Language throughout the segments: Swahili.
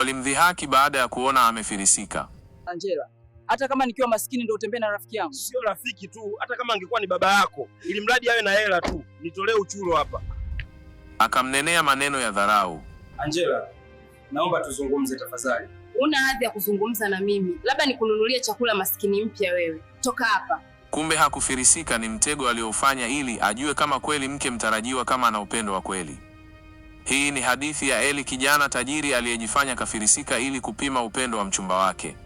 Walimdhihaki baada ya kuona amefilisika. Angela, hata kama nikiwa maskini ndio utembee na rafiki yangu? Sio rafiki tu, hata kama angekuwa ni baba yako, ili mradi awe na hela tu, nitolee uchulo hapa. Akamnenea maneno ya dharau. Angela, naomba tuzungumze tafadhali. Una hadhi ya kuzungumza na mimi? Labda nikununulie chakula, maskini mpya wewe. Toka hapa. Kumbe hakufirisika ni mtego aliofanya ili ajue kama kweli mke mtarajiwa kama ana upendo wa kweli. Hii ni hadithi ya Eli, kijana tajiri aliyejifanya kafirisika ili kupima upendo wa mchumba wake,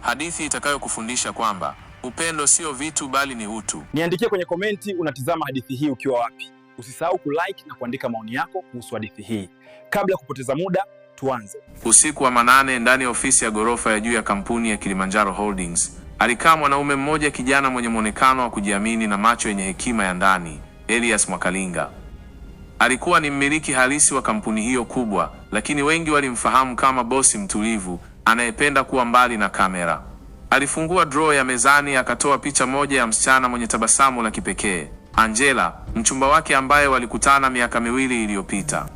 hadithi itakayokufundisha kwamba upendo sio vitu bali ni utu. Niandikie kwenye komenti unatizama hadithi hii ukiwa wapi. Usisahau kulike na kuandika maoni yako kuhusu hadithi hii. Kabla ya kupoteza muda, tuanze. Usiku wa manane, ndani ya ofisi ya ghorofa ya juu ya kampuni ya Kilimanjaro Holdings alikaa mwanaume mmoja, kijana mwenye mwonekano wa kujiamini na macho yenye hekima ya ndani, Elias Mwakalinga. Alikuwa ni mmiliki halisi wa kampuni hiyo kubwa, lakini wengi walimfahamu kama bosi mtulivu anayependa kuwa mbali na kamera. Alifungua draw ya mezani, akatoa picha moja ya msichana mwenye tabasamu la kipekee, Angela, mchumba wake ambaye walikutana miaka miwili iliyopita.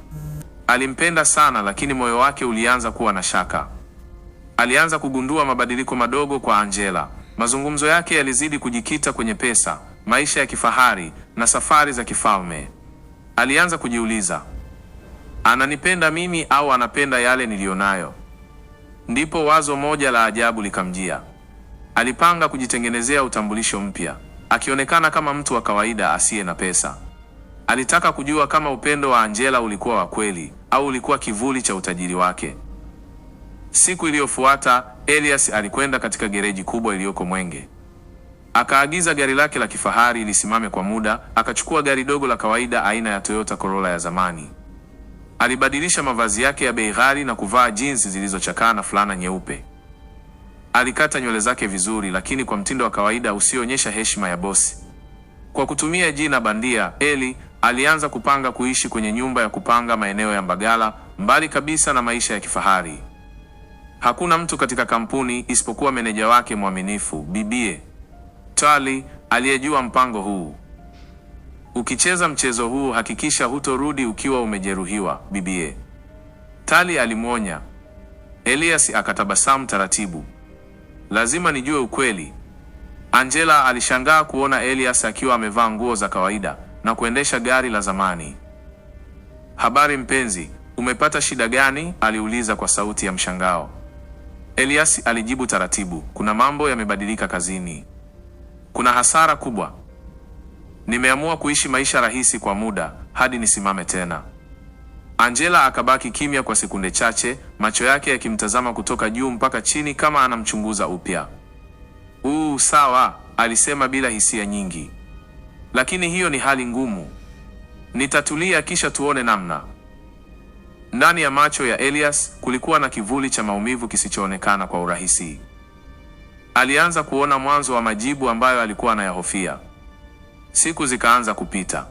Alimpenda sana, lakini moyo wake ulianza kuwa na shaka. Alianza kugundua mabadiliko madogo kwa Angela. Mazungumzo yake yalizidi kujikita kwenye pesa, maisha ya kifahari na safari za kifalme. Alianza kujiuliza, ananipenda mimi au anapenda yale niliyonayo? Ndipo wazo moja la ajabu likamjia. Alipanga kujitengenezea utambulisho mpya, akionekana kama mtu wa kawaida asiye na pesa. Alitaka kujua kama upendo wa Angela ulikuwa wa kweli au ulikuwa kivuli cha utajiri wake. Siku iliyofuata, Elias alikwenda katika gereji kubwa iliyoko Mwenge. Akaagiza gari lake la kifahari lisimame kwa muda, akachukua gari dogo la kawaida aina ya Toyota Corolla ya zamani. Alibadilisha mavazi yake ya bei ghali na kuvaa jinsi zilizochakaa na fulana nyeupe. Alikata nywele zake vizuri, lakini kwa mtindo wa kawaida usioonyesha heshima ya bosi. Kwa kutumia jina bandia Eli, alianza kupanga kuishi kwenye nyumba ya kupanga maeneo ya Mbagala, mbali kabisa na maisha ya kifahari. Hakuna mtu katika kampuni isipokuwa meneja wake mwaminifu, bibie Tali aliyejua mpango huu. Ukicheza mchezo huu hakikisha hutorudi ukiwa umejeruhiwa, bibie. Tali alimwonya. Elias akatabasamu taratibu. Lazima nijue ukweli. Angela alishangaa kuona Elias akiwa amevaa nguo za kawaida na kuendesha gari la zamani. Habari mpenzi, umepata shida gani? aliuliza kwa sauti ya mshangao. Elias alijibu taratibu, kuna mambo yamebadilika kazini kuna hasara kubwa. Nimeamua kuishi maisha rahisi kwa muda hadi nisimame tena. Angela akabaki kimya kwa sekunde chache, macho yake yakimtazama kutoka juu mpaka chini kama anamchunguza upya. Uu, sawa, alisema bila hisia nyingi. Lakini hiyo ni hali ngumu. Nitatulia kisha tuone namna. Ndani ya macho ya Elias kulikuwa na kivuli cha maumivu kisichoonekana kwa urahisi. Alianza kuona mwanzo wa majibu ambayo alikuwa anayahofia. Siku zikaanza kupita.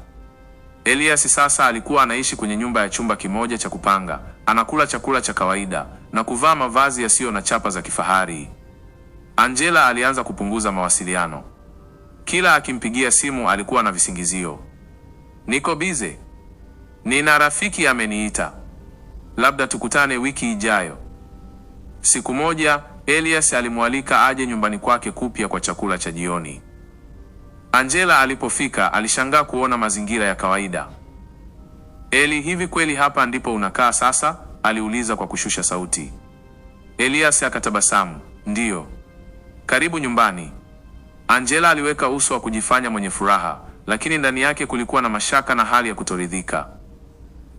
Elias sasa alikuwa anaishi kwenye nyumba ya chumba kimoja cha kupanga, anakula chakula cha kawaida na kuvaa mavazi yasiyo na chapa za kifahari. Angela alianza kupunguza mawasiliano. Kila akimpigia simu alikuwa na visingizio: niko bize, nina rafiki ameniita, labda tukutane wiki ijayo. Siku moja Elias alimwalika aje nyumbani kwake kupya kwa chakula cha jioni. Angela alipofika alishangaa kuona mazingira ya kawaida. Eli, hivi kweli hapa ndipo unakaa sasa? aliuliza kwa kushusha sauti. Elias akatabasamu, ndiyo, karibu nyumbani. Angela aliweka uso wa kujifanya mwenye furaha, lakini ndani yake kulikuwa na mashaka na hali ya kutoridhika.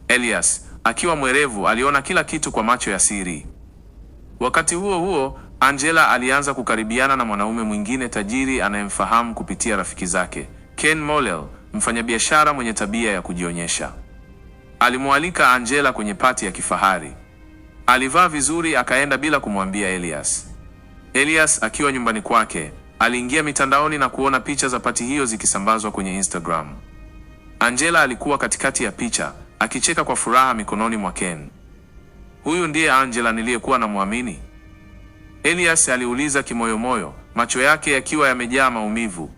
Elias akiwa mwerevu aliona kila kitu kwa macho ya siri. Wakati huo huo, Angela alianza kukaribiana na mwanaume mwingine tajiri anayemfahamu kupitia rafiki zake, Ken Molel, mfanyabiashara mwenye tabia ya kujionyesha. Alimwalika Angela kwenye pati ya kifahari. Alivaa vizuri akaenda bila kumwambia Elias. Elias akiwa nyumbani kwake, aliingia mitandaoni na kuona picha za pati hiyo zikisambazwa kwenye Instagram. Angela alikuwa katikati ya picha, akicheka kwa furaha mikononi mwa Ken huyu ndiye Angela niliyekuwa namwamini? Elias aliuliza kimoyomoyo, macho yake yakiwa yamejaa maumivu,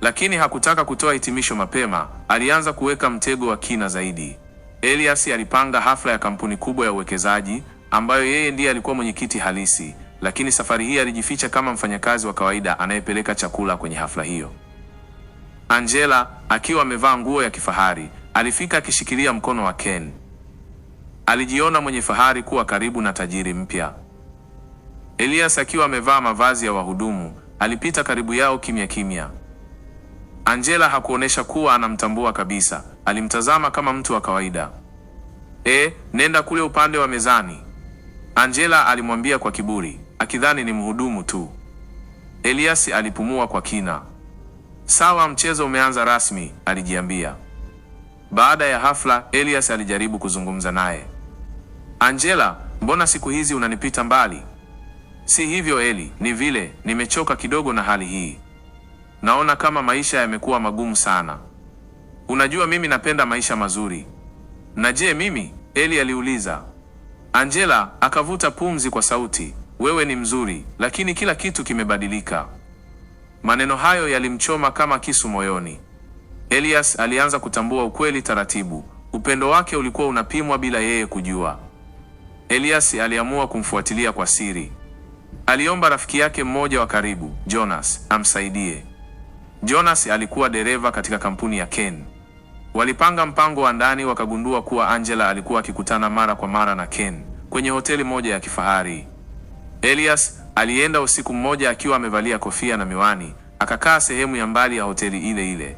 lakini hakutaka kutoa hitimisho mapema. Alianza kuweka mtego wa kina zaidi. Elias alipanga hafla ya kampuni kubwa ya uwekezaji ambayo yeye ndiye alikuwa mwenyekiti halisi, lakini safari hii alijificha kama mfanyakazi wa kawaida anayepeleka chakula kwenye hafla hiyo. Angela akiwa amevaa nguo ya kifahari alifika akishikilia mkono wa Ken. Alijiona mwenye fahari kuwa karibu na tajiri mpya. Elias akiwa amevaa mavazi ya wahudumu, alipita karibu yao kimya kimya. Angela hakuonesha kuwa anamtambua kabisa, alimtazama kama mtu wa kawaida. E, nenda kule upande wa mezani, Angela alimwambia kwa kiburi, akidhani ni mhudumu tu. Elias alipumua kwa kina. Sawa, mchezo umeanza rasmi, alijiambia. Baada ya hafla, Elias alijaribu kuzungumza naye. Angela, mbona siku hizi unanipita mbali? Si hivyo Eli, ni vile nimechoka kidogo na hali hii. Naona kama maisha yamekuwa magumu sana. Unajua mimi napenda maisha mazuri. Na je, mimi? Eli aliuliza. Angela akavuta pumzi kwa sauti. Wewe ni mzuri, lakini kila kitu kimebadilika. Maneno hayo yalimchoma kama kisu moyoni. Elias alianza kutambua ukweli taratibu. Upendo wake ulikuwa unapimwa bila yeye kujua elias aliamua kumfuatilia kwa siri. Aliomba rafiki yake mmoja wa karibu, Jonas, amsaidie. Jonas alikuwa dereva katika kampuni ya Ken. Walipanga mpango wa ndani, wakagundua kuwa Angela alikuwa akikutana mara kwa mara na Ken kwenye hoteli moja ya kifahari. Elias alienda usiku mmoja akiwa amevalia kofia na miwani, akakaa sehemu ya mbali ya hoteli ile ile.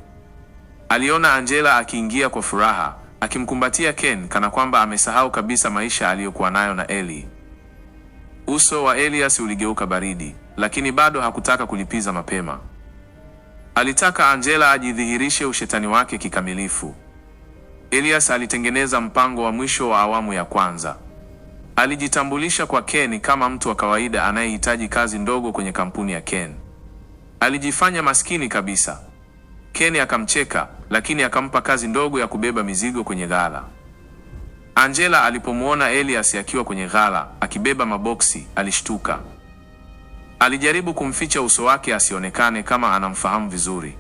Aliona Angela akiingia kwa furaha akimkumbatia Ken kana kwamba amesahau kabisa maisha aliyokuwa nayo na Eli. Uso wa Elias uligeuka baridi, lakini bado hakutaka kulipiza mapema. Alitaka Angela ajidhihirishe ushetani wake kikamilifu. Elias alitengeneza mpango wa mwisho wa awamu ya kwanza. Alijitambulisha kwa Ken kama mtu wa kawaida anayehitaji kazi ndogo kwenye kampuni ya Ken. Alijifanya maskini kabisa. Ken akamcheka lakini akampa kazi ndogo ya kubeba mizigo kwenye ghala. Angela alipomwona Elias akiwa kwenye ghala akibeba maboksi alishtuka. Alijaribu kumficha uso wake asionekane kama anamfahamu vizuri.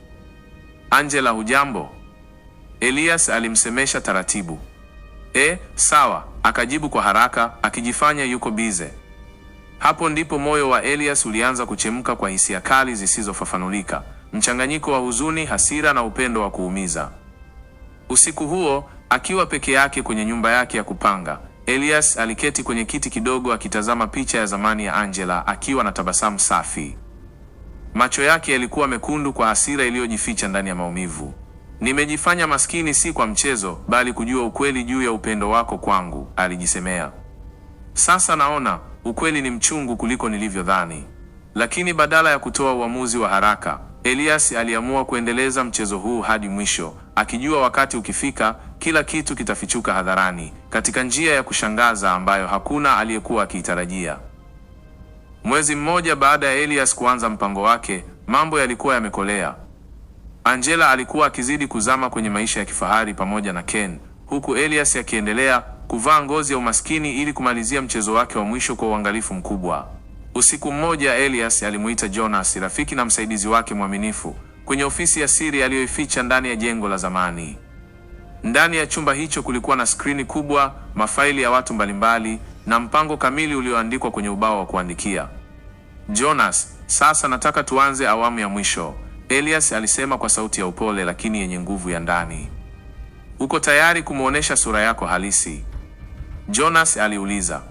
Angela, hujambo? Elias alimsemesha taratibu. E, sawa, akajibu kwa haraka akijifanya yuko bize. Hapo ndipo moyo wa Elias ulianza kuchemka kwa hisia kali zisizofafanulika mchanganyiko wa huzuni, hasira na upendo wa kuumiza. Usiku huo akiwa peke yake kwenye nyumba yake ya kupanga, Elias aliketi kwenye kiti kidogo akitazama picha ya zamani ya Angela akiwa na tabasamu safi. Macho yake yalikuwa mekundu kwa hasira iliyojificha ndani ya maumivu. Nimejifanya maskini si kwa mchezo, bali kujua ukweli juu ya upendo wako kwangu, alijisemea. Sasa naona ukweli ni mchungu kuliko nilivyodhani. Lakini badala ya kutoa uamuzi wa haraka, Elias aliamua kuendeleza mchezo huu hadi mwisho, akijua wakati ukifika kila kitu kitafichuka hadharani katika njia ya kushangaza ambayo hakuna aliyekuwa akiitarajia. Mwezi mmoja baada ya Elias kuanza mpango wake, mambo yalikuwa yamekolea. Angela alikuwa akizidi kuzama kwenye maisha ya kifahari pamoja na Ken, huku Elias akiendelea kuvaa ngozi ya umaskini ili kumalizia mchezo wake wa mwisho kwa uangalifu mkubwa. Usiku mmoja Elias alimuita Jonas, rafiki na msaidizi wake mwaminifu, kwenye ofisi ya siri aliyoificha ndani ya jengo la zamani. Ndani ya chumba hicho kulikuwa na skrini kubwa, mafaili ya watu mbalimbali na mpango kamili ulioandikwa kwenye ubao wa kuandikia. Jonas, sasa nataka tuanze awamu ya mwisho, Elias alisema kwa sauti ya upole lakini yenye nguvu ya ndani. Uko tayari kumwonyesha sura yako halisi? Jonas aliuliza.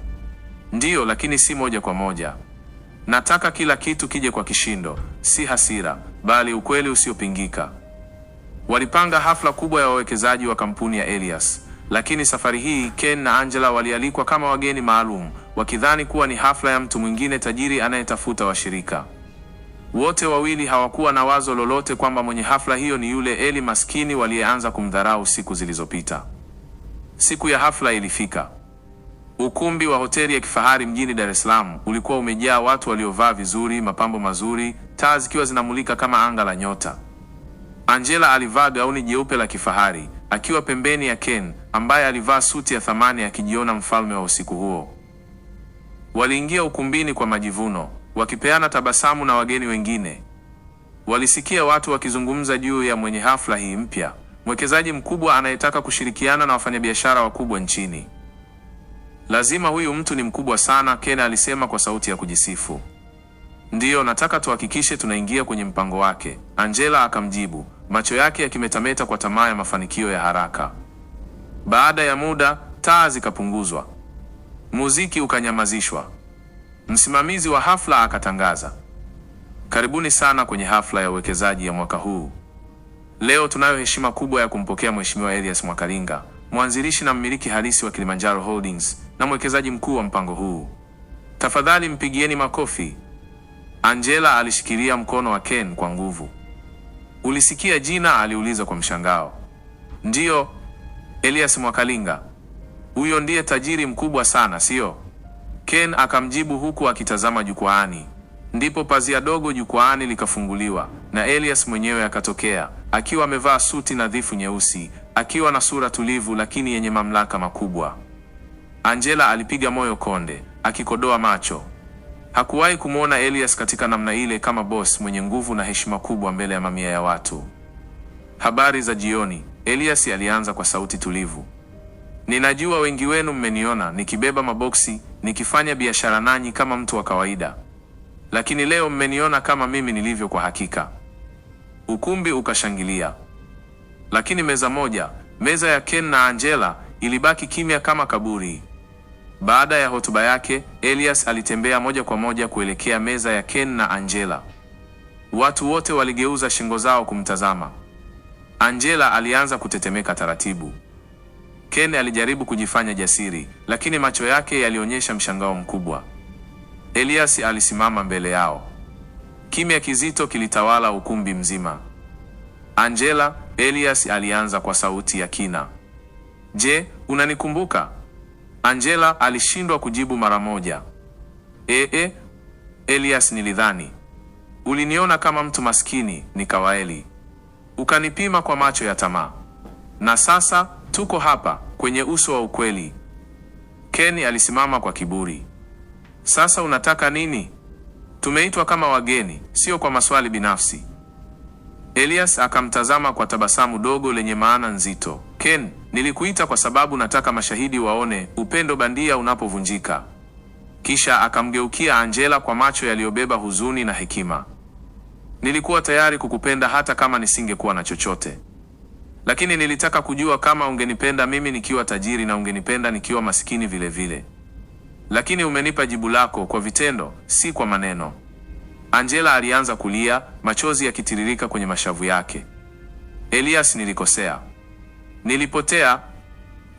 Ndiyo, lakini si moja kwa moja. Nataka kila kitu kije kwa kishindo, si hasira, bali ukweli usiopingika. Walipanga hafla kubwa ya wawekezaji wa kampuni ya Elias, lakini safari hii Ken na Angela walialikwa kama wageni maalum, wakidhani kuwa ni hafla ya mtu mwingine tajiri anayetafuta washirika. Wote wawili hawakuwa na wazo lolote kwamba mwenye hafla hiyo ni yule Eli maskini waliyeanza kumdharau siku zilizopita. Siku ya hafla ilifika. Ukumbi wa hoteli ya kifahari mjini Dar es Salaam ulikuwa umejaa watu waliovaa vizuri, mapambo mazuri, taa zikiwa zinamulika kama anga la nyota. Angela alivaa gauni jeupe la kifahari akiwa pembeni ya Ken ambaye alivaa suti ya thamani akijiona mfalme wa usiku huo. Waliingia ukumbini kwa majivuno, wakipeana tabasamu na wageni wengine. Walisikia watu wakizungumza juu ya mwenye hafla hii mpya, mwekezaji mkubwa anayetaka kushirikiana na wafanyabiashara wakubwa nchini. Lazima huyu mtu ni mkubwa sana, Ken alisema kwa sauti ya kujisifu. Ndiyo, nataka tuhakikishe tunaingia kwenye mpango wake, Angela akamjibu, macho yake yakimetameta kwa tamaa ya mafanikio ya haraka. Baada ya muda, taa zikapunguzwa, muziki ukanyamazishwa. Msimamizi wa hafla akatangaza, karibuni sana kwenye hafla ya uwekezaji ya mwaka huu. Leo tunayo heshima kubwa ya kumpokea Mheshimiwa Elias Mwakalinga, mwanzilishi na mmiliki halisi wa Kilimanjaro Holdings na mwekezaji mkuu wa mpango huu. Tafadhali mpigieni makofi. Angela alishikilia mkono wa Ken kwa nguvu. Ulisikia jina? aliuliza kwa mshangao. Ndiyo, Elias Mwakalinga. Huyo ndiye tajiri mkubwa sana, siyo? Ken akamjibu huku akitazama jukwaani. Ndipo pazia dogo jukwaani likafunguliwa na Elias mwenyewe akatokea akiwa amevaa suti nadhifu nyeusi, akiwa na sura tulivu lakini yenye mamlaka makubwa. Angela alipiga moyo konde, akikodoa macho. Hakuwahi kumwona Elias katika namna ile kama boss mwenye nguvu na heshima kubwa mbele ya mamia ya watu. Habari za jioni, Elias alianza kwa sauti tulivu. Ninajua wengi wenu mmeniona nikibeba maboksi, nikifanya biashara nanyi kama mtu wa kawaida. Lakini leo mmeniona kama mimi nilivyo kwa hakika. Ukumbi ukashangilia. Lakini meza moja, meza ya Ken na Angela ilibaki kimya kama kaburi. Baada ya hotuba yake, Elias alitembea moja kwa moja kuelekea meza ya Ken na Angela. Watu wote waligeuza shingo zao kumtazama. Angela alianza kutetemeka taratibu. Ken alijaribu kujifanya jasiri, lakini macho yake yalionyesha mshangao mkubwa. Elias alisimama mbele yao. Kimya kizito kilitawala ukumbi mzima. Angela, Elias alianza kwa sauti ya kina. Je, unanikumbuka? Angela alishindwa kujibu mara moja. Ee, Elias, nilidhani uliniona kama mtu maskini nikawaeli, ukanipima kwa macho ya tamaa, na sasa tuko hapa kwenye uso wa ukweli. Ken alisimama kwa kiburi. Sasa unataka nini? Tumeitwa kama wageni, sio kwa maswali binafsi. Elias akamtazama kwa tabasamu dogo lenye maana nzito. Ken, Nilikuita kwa sababu nataka mashahidi waone upendo bandia unapovunjika. Kisha akamgeukia Angela kwa macho yaliyobeba huzuni na hekima. Nilikuwa tayari kukupenda hata kama nisingekuwa na chochote, lakini nilitaka kujua kama ungenipenda mimi nikiwa tajiri na ungenipenda nikiwa masikini vile vile. Lakini umenipa jibu lako kwa vitendo, si kwa maneno. Angela alianza kulia, machozi yakitiririka kwenye mashavu yake. Elias, nilikosea. Nilipotea,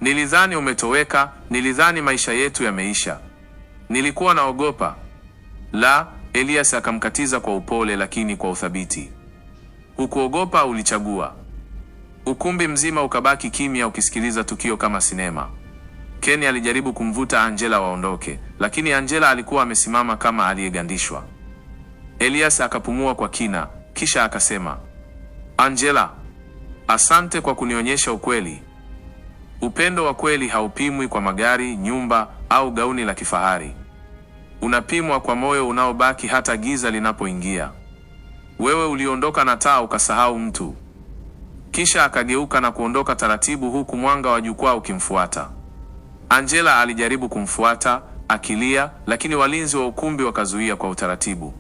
nilidhani umetoweka, nilidhani maisha yetu yameisha, nilikuwa naogopa. La, Elias akamkatiza kwa upole lakini kwa uthabiti. Hukuogopa, ulichagua. Ukumbi mzima ukabaki kimya, ukisikiliza tukio kama sinema. Ken alijaribu kumvuta Angela waondoke, lakini Angela alikuwa amesimama kama aliyegandishwa. Elias akapumua kwa kina, kisha akasema, Angela Asante kwa kunionyesha ukweli. Upendo wa kweli haupimwi kwa magari, nyumba au gauni la kifahari. Unapimwa kwa moyo unaobaki hata giza linapoingia. Wewe uliondoka na taa ukasahau mtu, kisha akageuka na kuondoka taratibu, huku mwanga wa jukwaa ukimfuata. Angela alijaribu kumfuata akilia, lakini walinzi wa ukumbi wakazuia kwa utaratibu.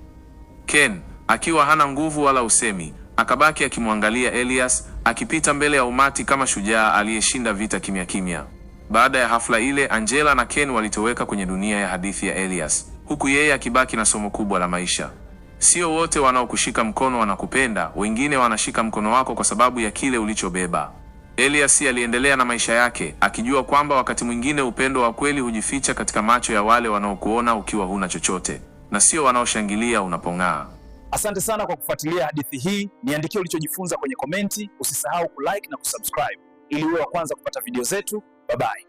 Ken akiwa hana nguvu wala usemi Akabaki akimwangalia Elias akipita mbele ya umati kama shujaa aliyeshinda vita kimya kimya. Baada ya hafla ile, Angela na Ken walitoweka kwenye dunia ya hadithi ya Elias, huku yeye akibaki na somo kubwa la maisha. Sio wote wanaokushika mkono wanakupenda, wengine wanashika mkono wako kwa sababu ya kile ulichobeba. Elias aliendelea na maisha yake akijua kwamba wakati mwingine upendo wa kweli hujificha katika macho ya wale wanaokuona ukiwa huna chochote, na sio wanaoshangilia unapong'aa. Asante sana kwa kufuatilia hadithi hii. Niandikie ulichojifunza kwenye komenti. Usisahau kulike na kusubscribe ili uwe wa kwanza kupata video zetu. Bye bye.